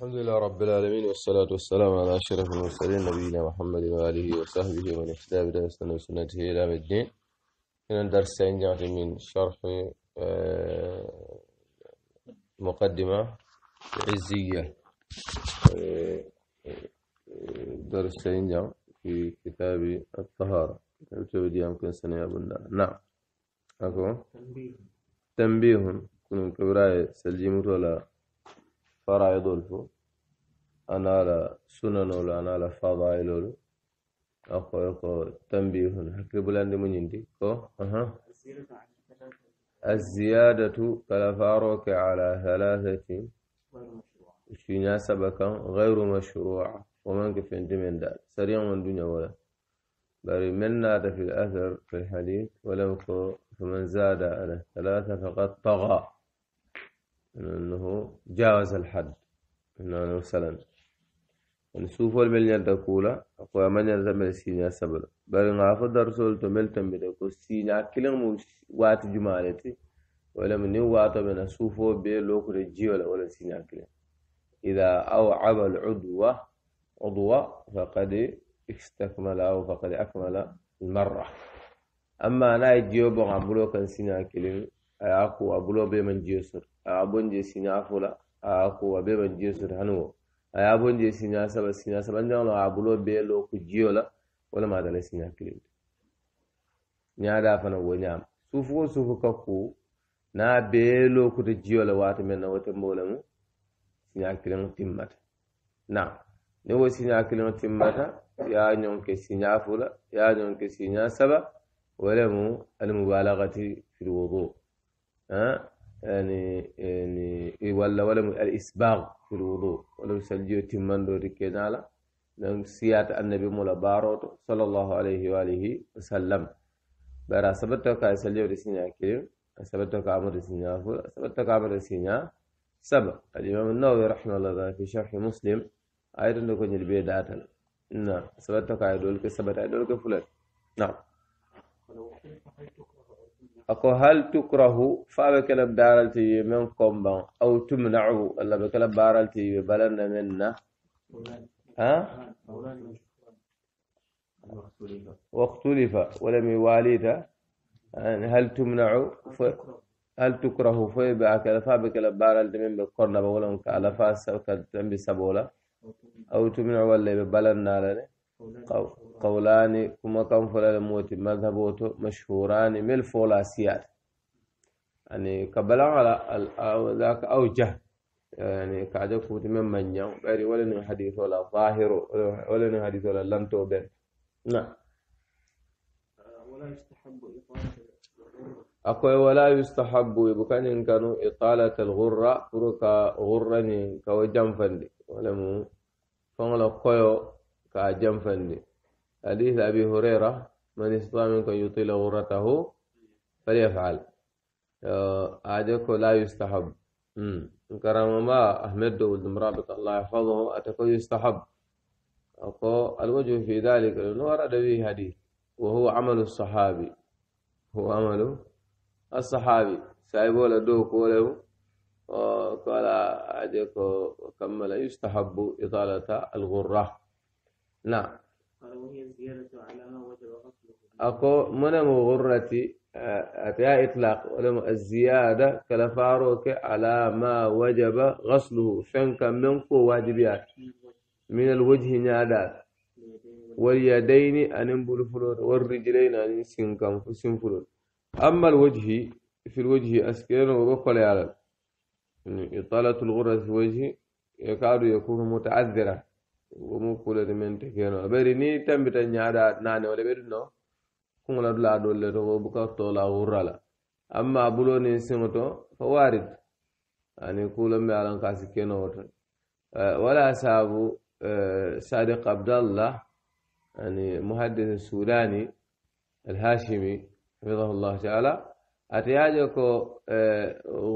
الحمد لله رب العالمين والصلاة والسلام على أشرف المرسلين نبينا محمد وآله وصحبه ومن اهتدى بهداه وسنته إلى يوم الدين هنا الدرس يعني من شرح آه، مقدمة عزية آه، درس جمع في كتاب الطهارة كتاب يمكن سنة بنا. نعم أكو تنبيه تنبيه كبراء آية، سلجي مرولا ఫరాయిదోల్పు అనాల సుననోలు అనాల ఫాదాయిలోలు ఒక ఒక من يندي ముంజింటి أها الزيادة كالفاروك على ثلاثة شينا سبكا غير مشروعة ومن كفي من ذلك سريع من دنيا ولا بري من نادى في الأثر في الحديث ولم فمن زاد على ثلاثة فقد طغى انه جاوز الحد هنا مثلا نشوف المليون تقول اقوى من يلزم السين يا سبل بل نعرف الرسول تمل تمل السين اكل وات جمالتي ولا من يو وات من نشوف بلوك رجيول ولا السين اكل اذا اوعب العضو عضو فقد استكمل او فقد اكمل المره اما انا جيوب عبلو كان سين اكل اياكو عبلو بمن جيوسر a bonje siña fula a ko a ɓeɓan jesude han wo a ye bonje siña saba siña sabanjaŋolo a bulo bee lo ko jiyo la wala ma dala siña kilinde ñaada fana wo ñaama suufu wo suufu ka ku na bee lo kuta jiyo la waati men na wote mbolemu siña kiliŋo timmata na ni wo siña kiliŋo timmata ya ñoŋ ke siña fula ya ñoŋ ke siña saba wala mu almubalagati fi lwudu يعني يعني ولا ولا الإسباغ في الوضوء ولا مسلجي تمندو ركينالا نعم سيات النبي مولا باروت صلى الله عليه وآله وسلم برا سبتو كا يسلجي رسينا كريم سبتو كا عمر رسينا فول سبتو كا عمر رسينا سبع الإمام النووي رحمه الله في شرح مسلم أيضا نكون البيت داتل نعم سبتو كا يدولك سبتو يدولك فلان نعم ولو أكو هل تكره فأبكلم بارلتي من كومبا أو تمنعه ولا بكلم بارلتي بلنا منا ها واختلف ولم يواليد يعني هل تمنع هل تكره في بأكل فأبكلم بارلتي من بقرنا بولن كألفا سبكت بسبولة أو تمنع ولا بلنا لنا قول قولان كما كان فلا الموت مذهبوتو مشهوران من الفولاسيات يعني كبلا على ذاك أوجه يعني كعدك من من يوم بري ولا حديث ولا ظاهر ولا حديث ولا لم توبه نعم ولا يستحب أقول ولا يستحب يبكان إن كانوا إطالة الغرة فرقا غرة كوجم فندي ولم مو فما لو كجم فندي حديث أبي هريرة من استطاع منكم يطيل غرته فليفعل أعجبك لا يستحب كرم ما أحمد والمرابط الله يحفظه أتكو يستحب أقو الوجه في ذلك لأنه ورد به حديث وهو عمل الصحابي هو عمل الصحابي سايبو لدو قوله قال أعجبك وكمل يستحب إطالة الغرة نعم أكو من مغرتي أتيا إطلاق ولم الزيادة كالفاروك على ما وجب غسله فنك منكو واجبيات من الوجه نادات واليدين أن فلور والرجلين أن سنكم فلور أما الوجه في الوجه أسكين وقل على إطالة الغرة في الوجه يكاد يكون متعذرة womo kulati men te keno bari ni tambita ñaada naane wala ɓe ɗum no kuŋola dula dolle to ko buka tola wurrala amma bulo ni siŋo to fo warid ani kulombe alan kasi keno woto wala saabu sadiq abdallah ani muhaddis sudani alhashimi hafidahullahu taala atayaje ko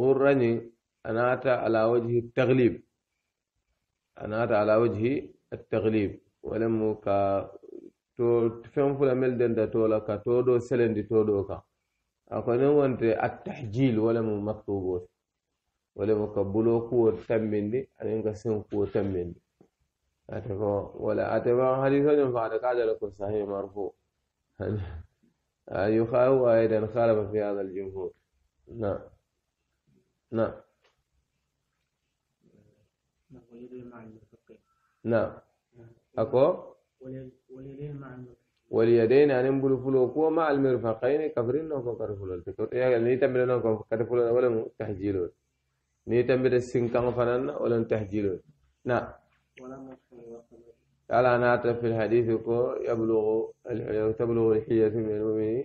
gurrani anata ala wajhi taglib anata ala wajhi التغليب ولم ك تفهم فلامل دين دتولا كتودو سلن دتودو كا أكنه وانت التحجيل ولم مكتوب ولم كبلو كو تمني أنا إنك سين كو تمني أتبع ولا أتبع حديثا من بعد كذا لكم صحيح مرفوع يخاو أيضا خالف في هذا الجمهور نعم نعم نعم نعم. نعم أكو واليدين مع واليدين أن يعني ينبل فلوكو مع المرفقين كفرين نوكو كرفلول يعني ني تمبل نوكو كرفلول ولا تحجيلو ني تمبل سينكان فنان ولا تحجيلو نعم قال أنا أترك في الحديث كو يبلغ تبلغ الحية من المؤمن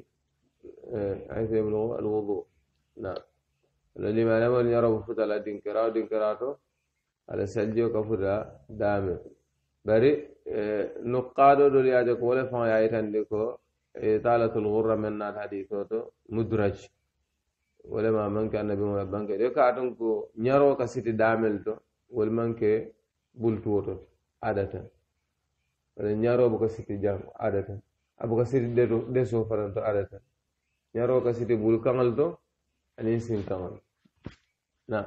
آه، حيث يبلغ الوضوء نعم الذي ما لم يروا فتلا دينكرا دينكراتو ala saldio kafura dame bari nuqqaɗo ɗo yaade ko wole fan yayitande ko talatul gurra men naat hadis o to mudraj wolema manke annabi mo banke ɗe ka tan ko ñaro ka siti damel to wol manke bultuwo to adata wala ñaro boka siti jam adata aboka siti deso fanan to adata ñaro ka siti bul kaŋal to anin sin kaŋal na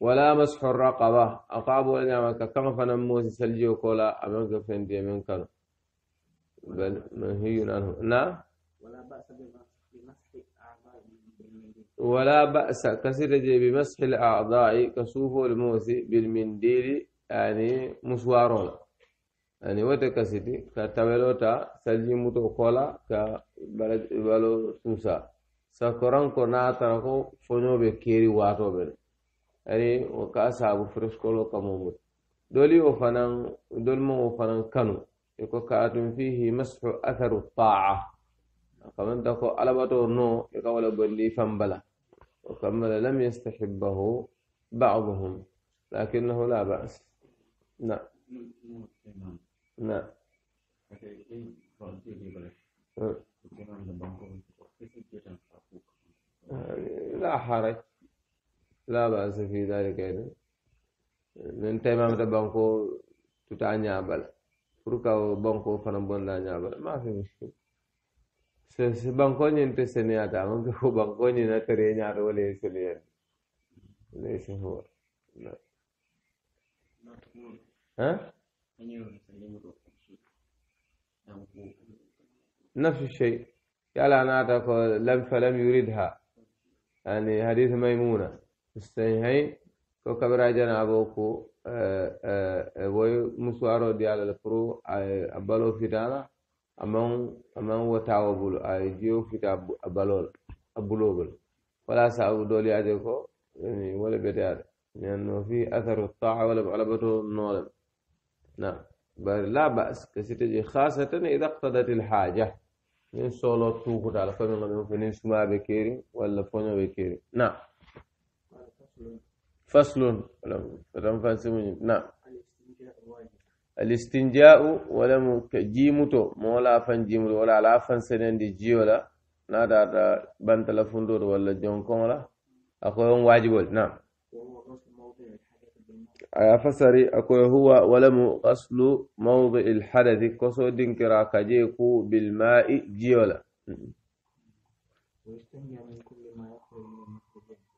ولا مسح الرقبة أقابو لنا كما فنموس سلجي وكولا أمانك فندي من كانوا بل من هي نعم ولا بأس بمسح الأعضاء ولا بأس كسر بمسح الأعضاء كسوف الموسي بالمنديل يعني مسوارون يعني وتكسيتي كتابلوتا سلجي متوكولا كبلو سوسا sakoranko n'a tara ko foño be keri waato be de ani wo ka saabu freskolo kamo mut doli wo fanan doli mo wo fanan kanu iko kaatun fihi mashu atharu taa kamanta ko alabato no ika wala bolli fambala وكمل لم يستحبه بعضهم لكنه لا بأس نعم نعم نعم لا حرج لا بأس في ذلك أيضا nin taymamata banko tuta ñaabala pour ka banko fana bonda ñaabala ma fi muskil si banko ñin te seniyata man ke ko banko ñin a tere ñaata wala ye seliyen wala ye sehuwa nafsu shay yala naata ko lam falam yuridha يعني حديث ميمونة في الصحيحين كبر جنا أبوكو آه، آه، آه، وي مسوارو ديال الفرو أبلو في دارا أمان أمان وتاو بلو أي جيو فتا أبلو أبلو بلو ولا سأقول دولي أجيكو يعني ولا بيتار لأنه في أثر الطاعة ولا بعلبته النولم نعم بل لا بأس كسيتجي خاصة إذا اقتضت الحاجة min solo tukuta ala foño min finin suma be keri walla foño be keri na faslun fatan fansimuñi na alistinja'u walamu ka jimuto mola fan jimuto wala ala fan senendi jiyo la natata bantala fundoto walla jonkoŋo la akoyon wajibol na فسري أكو هو ولم أصل موضع الحدث كسو دنكرا كجيكو بالماء جيولا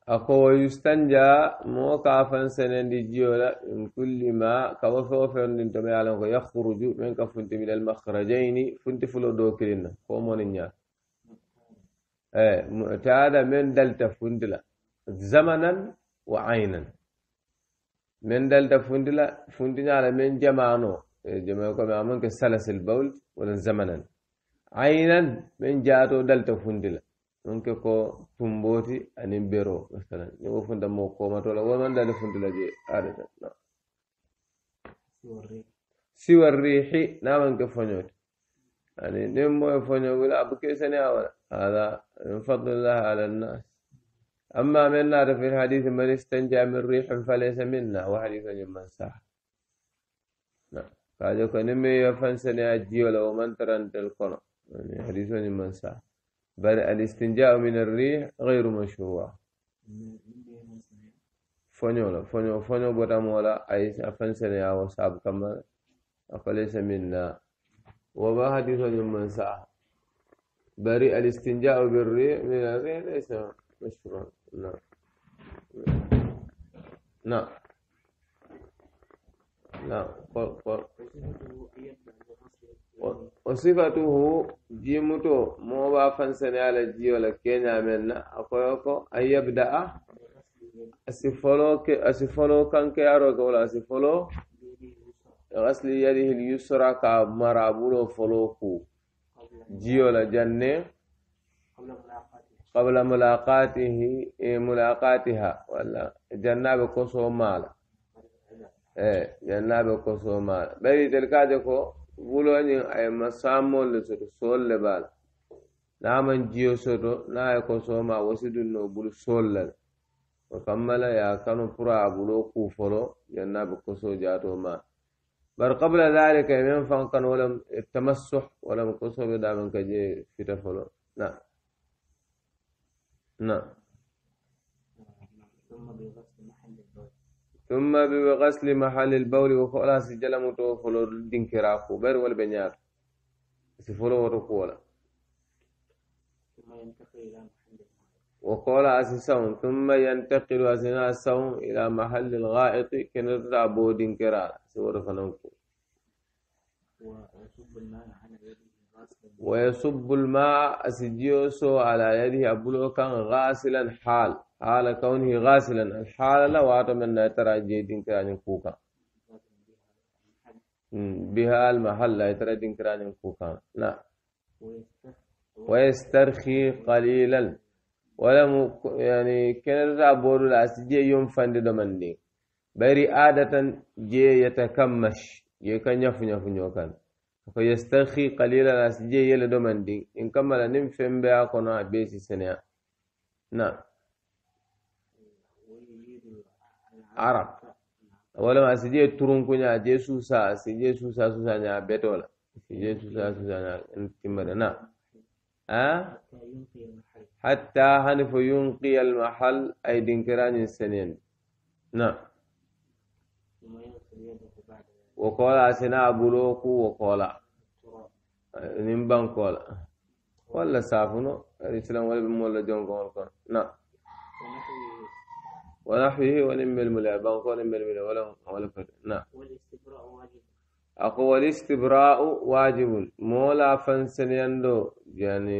أكو يستنجى مو كافن سنندي جيولا من كل ما كوفو فندن تمي علم يخرج من كفنت من المخرجين فنت فلو دوكرين فومون نيا ايه تعالى من دلتا فندلا زمنا وعينا من دلتا فندلا فندنا على من جمعنو إيه، جمع كما عمل كسلس البول ولن زمنا عينا من جاتو دلتا فندلا ممكن كو تمبوتي أن بيرو مثلا يو فند مو كوما تولا ومن دلتا فندلا جي عادة نعم سوى الريح نعم كفنيوت يعني نمو فنيوت أبو كيسني أولا هذا من فضل الله على الناس أما من نار في الحديث من استنجى من ريح فليس منا وحديث من ساح نعم فهذا كان مي يفنسني أجيو لو من ترنت القرآن يعني حديث من ساح بل الاستنجاء من الريح غير مشروع فنيولا فنيو فنيو بوتامولا أي أفنسني أو ساب كما فليس منا وما حديث من ساح بريء الاستنجاء بالريح من الريح ليس مشروع na na na o sifatuhu jimuto mowa fansene ala jiyola kenyamen na akoyo ko ayabdaa asi folo kanke aroke wala asi folo asli yadihil yusra ka marabulo folo ku jiyola janne قبل ملاقاته إيه، ملاقاتها ولا جناب کو سو مال اے إيه، جناب کو سو مال بری تلکا دیکھو بولو نی اے مسامو لسر سول لے بال نامن جیو سوتو نا کو سو ما وسدن نو بول سول لے وكمل يا كانوا برا بلو كفرو جناب کو سو جاتو ما بل قبل ذلك من فان كان ولم التمسح ولم كسب دامن كجي في تفلو نعم نعم ثم بغسل محل البول وخلاص جلم تو فلور دين كراكو بير ولا بنيار سفلو ركولا وقال أسسون ثم ينتقل أثناء سون إلى محل الغائط كنرى بودين كرا سور فنوكو ويصب الماء على يده ويصب الماء أسجيوسو على يده أبلو كان غاسلا حال حال كونه غاسلا الحال لا واتمنى ترى جيدين كراني كوكا بها المحل لا ترى جيدين كراني كوكا لا نعم. ويسترخي قليلا ولم يعني كان بورو الأسجي يوم فند دمندي بري عادة جي يتكمش جي كان فيسترخي قليلا أسجي يلي دومن دي إن كمالا نم فين بيا كنا بيسي سنة نعم عرب أولا ما أسجي ترون كنا جيسو سا أسجي سوسا سوسا نيا بيتولا أسجي سوسا سوسا نيا تمر نعم أه؟ حتى هنف ينقي المحل أي دنكران السنين نعم وقال سنا بلوك وقال نمبان قال ولا سافنو الإسلام ولا بمولا جون قول نعم ونحوه ونم الملعبان قول نم الملعبان ولا ولا فرد نعم والاستبراء واجب أقوى الاستبراء واجب مولا فنسن يندو يعني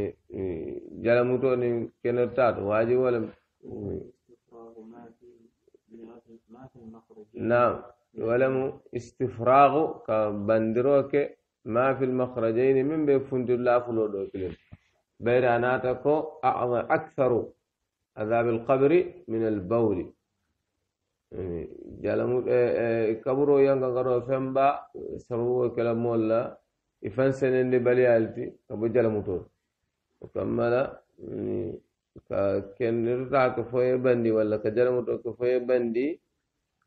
جلموتو جلمتو كنرتات واجب ولا نعم ولم استفراغ كبندروك ما في المخرجين من بفند الله فلو بيراناتكو أعظم أكثر عذاب القبر من البول يعني جالمو إيه، إيه، كبرو يانغا غرو فمبا سبب كلام مولا إفن سنين دي باليالتي أبو جالمو تور وكمالا يعني كن رتاك بندي ولا كجالمو تور فوي بندي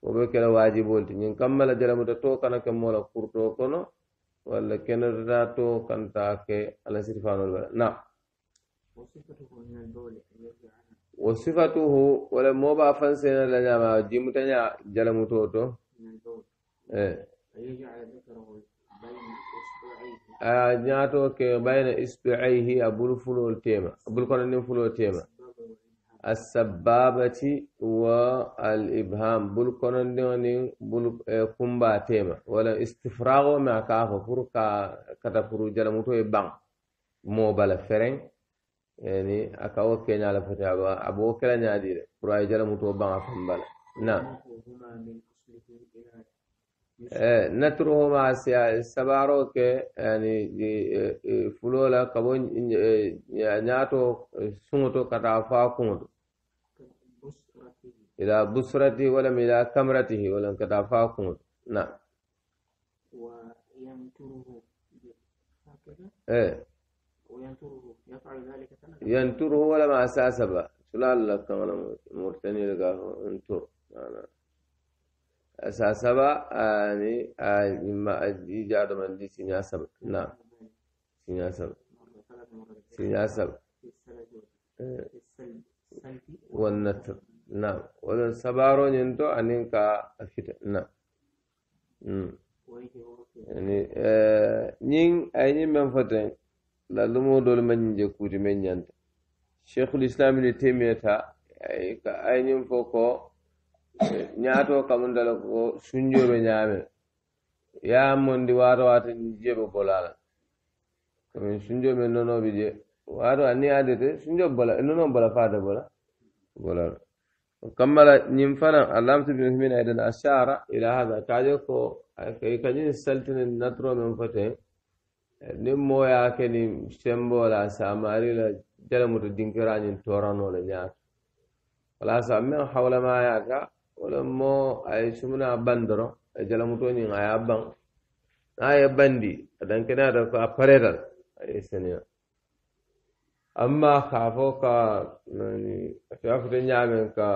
woɓe kene wajibolti min kammala jaramuta to kana ke mola kurto kono walla kenerta to kantake alasiti fanol wala na wo sifatuhu wala moɓa fansena la ñama jimutaña jalamuto to e. a ñato ke bayna isbiayhi a bul fulol tema bul kono nin fulol tema السبابة والإبهام بل كنن دوني بل آه، كمبا تيما ولا استفراغ ما كافو فور كا كتا فرو جلمتو يبان مو بلا فرين يعني أكاو كينا لفتي أبو كلا نادير فرو أي جلمتو بان أفهم بلا نعم آه، نترهما سبارو كي يعني آه، فلولا كبون ناتو سمتو كتا فاكونتو إلى بسرته ولم إلى كمرته ولم كدا فاكون نعم وينتره هكذا إيه وينتره يفعل ذلك سنة ينتره ولا ما أساس به سلال لك أنا مرتني لك انتر أنا أساس به يعني ما أجي جاد من دي سنيا سبب نعم سنيا سبب سنيا سبب إيه. والنتر نعم ولا سبارو نينتو أنينكا أكيد نعم يعني نين أيني من فتن لا لمو دول من جكود من ينت شيخ الإسلام ابن تيمية أيني فوكو ñaato kamundala ko sunjoɓe ñaame yamondi waato waata jeɓe bolala komin sunjoɓe men nonoɓe je waato anni adete sunjo bola nono bola faata bola bolala وكمل نيمفنا علامة ابن من أيضا أشار إلى هذا كاجوكو كي كجين سلتن النترو من فتح نمو يا كني شمبو لا ساماري لا جلمو تدينكراني تورانو لنياك ولا سامن حول ما ياك مو أي شمنا بندرو جلمو توني غيابن بان غايا بندي أدنكنا دكو أبريدل أي سنين amma ka fo ka fiyafute ñaamen ka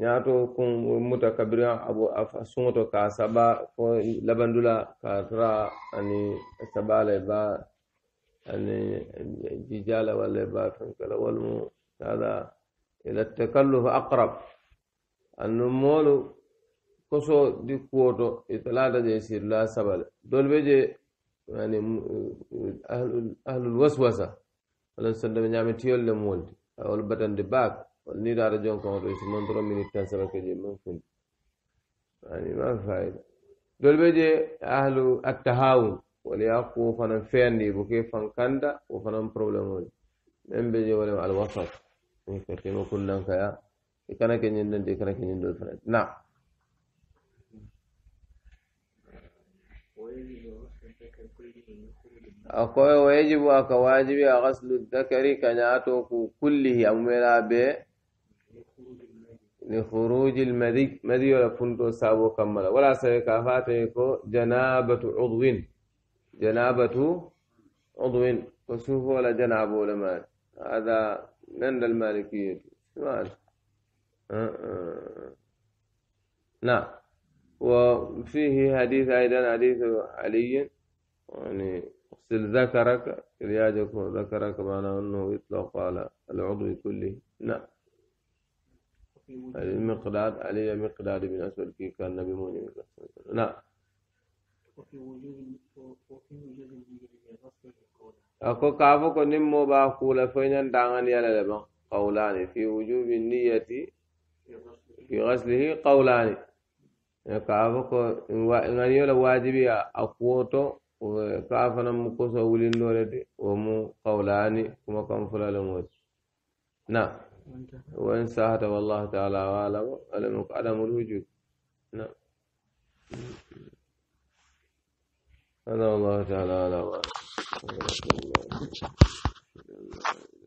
ñaato kun muta kabiri abu sugoto ka saba fo labandula ka tara ani saba la ba ani jijala walla ba tonkela walmu kada ila takalluf aqrab annu moolu koso di kuwoto italata je sirla sabale dol be je ani eh, ahlul waswasa ahlu alon sondoɓe ñaami tiyol le muwolde wol batande baak wol niɗaɗo jon kamoto so man trois minute tan sabake je man fundi ani ma fayida dol ɓe je ahlu attahawun wol yakku wo fanan feyandi bo ke fan kanda wo fanan probléme oli men ɓe je wolema alwasat ko tema kunnankaya e kana ke ñindandi e kana ke ñindol fana na أقول ويجب aka wajibi الذكر كنعته كله kañaato ku kullihi لخروج المذي مذي ولا كنت سابو كمل ولا سيكافاتك جنابة عضو جنابة عضو وسوف ولا جناب ولا مال هذا من المالكية مال أه، أه. نعم وفيه حديث أيضا حديث علي يعني اغسل ذكرك إذ يجكم ذكرك معنى أنه يطلق على العضو كله نعم المقداد علي مقداد من أسود كي كان النبي مؤمن نعم وفي وجود وفي وجود أكو كافو كنم مبا قولا فين دعان يلا لبا قولان في وجوب النية في غسله قولان يعني كافو كن يولا الواجب أقوته وكافنا مقصة ولين لولد ومو قولاني كما كان فلا لموت نعم وإن ساهد والله تعالى وعلم ألم الوجود نعم هذا والله تعالى على وعلم